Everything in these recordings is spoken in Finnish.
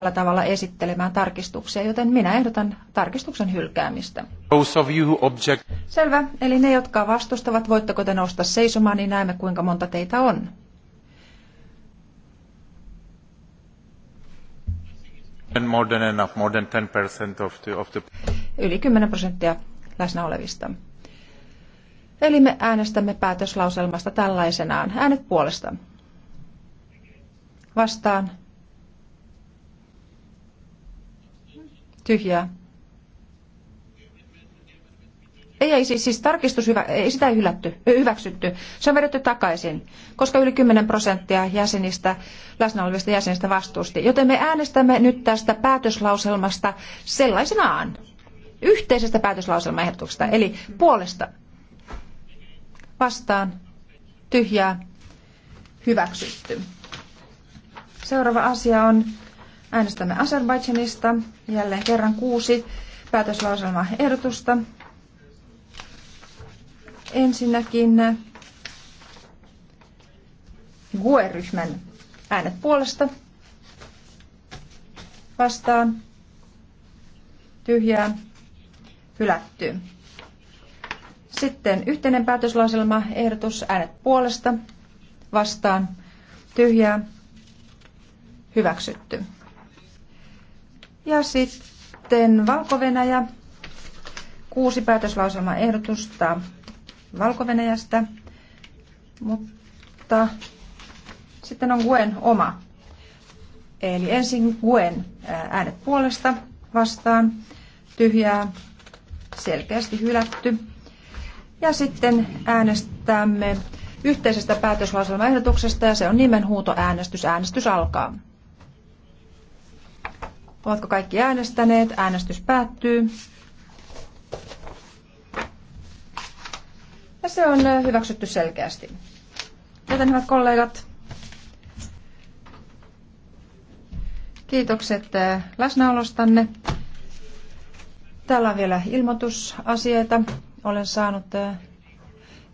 tällä tavalla esittelemään tarkistuksia, joten minä ehdotan tarkistuksen hylkäämistä. Selvä, eli ne, jotka vastustavat, voitteko te nousta seisomaan, niin näemme kuinka monta teitä on. More than enough, more than 10% of the, of the... Yli 10 prosenttia läsnä olevista. Eli me äänestämme päätöslauselmasta tällaisenaan. Äänet puolesta. Vastaan Tyhjää. Ei, ei siis, siis tarkistus hyvä, ei sitä ei hylätty, hyväksytty. Se on vedetty takaisin, koska yli 10 prosenttia jäsenistä, läsnä olevista jäsenistä vastuusti. Joten me äänestämme nyt tästä päätöslauselmasta sellaisenaan. Yhteisestä päätöslauselmaehdotuksesta, eli puolesta. Vastaan. Tyhjää. Hyväksytty. Seuraava asia on Äänestämme Azerbaidžanista jälleen kerran kuusi päätöslauselmaa ehdotusta. Ensinnäkin GUE-ryhmän äänet puolesta vastaan tyhjää hylätty. Sitten yhteinen päätöslauselma ehdotus äänet puolesta vastaan tyhjää hyväksytty. Ja sitten Valko-Venäjä. Kuusi ehdotusta Valko-Venäjästä. Mutta sitten on Guen oma. Eli ensin Guen äänet puolesta vastaan. Tyhjää selkeästi hylätty. Ja sitten äänestämme yhteisestä päätöslauselmaehdotuksesta ja se on nimenhuutoäänestys. Äänestys alkaa. Ovatko kaikki äänestäneet? Äänestys päättyy. Ja se on äh, hyväksytty selkeästi. Joten hyvät kollegat, kiitokset äh, läsnäolostanne. Täällä on vielä ilmoitusasioita. Olen saanut äh,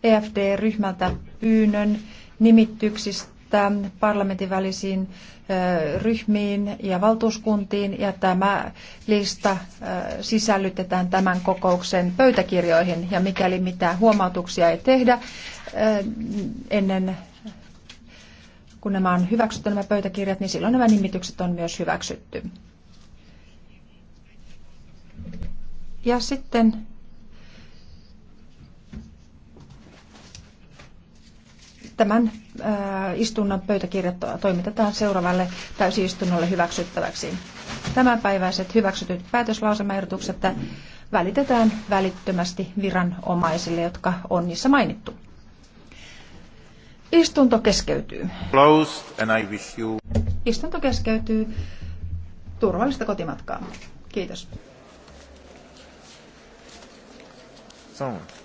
EFD-ryhmältä pyynnön nimityksistä parlamentin välisiin ryhmiin ja valtuuskuntiin ja tämä lista sisällytetään tämän kokouksen pöytäkirjoihin ja mikäli mitään huomautuksia ei tehdä ennen kun nämä on hyväksytty nämä pöytäkirjat, niin silloin nämä nimitykset on myös hyväksytty. Ja sitten tämän äh, istunnon pöytäkirjat toimitetaan seuraavalle täysistunnolle hyväksyttäväksi. Tämänpäiväiset hyväksytyt päätöslauselmaehdotukset välitetään välittömästi viranomaisille, jotka on niissä mainittu. Istunto keskeytyy. Istunto keskeytyy. Turvallista kotimatkaa. Kiitos. So.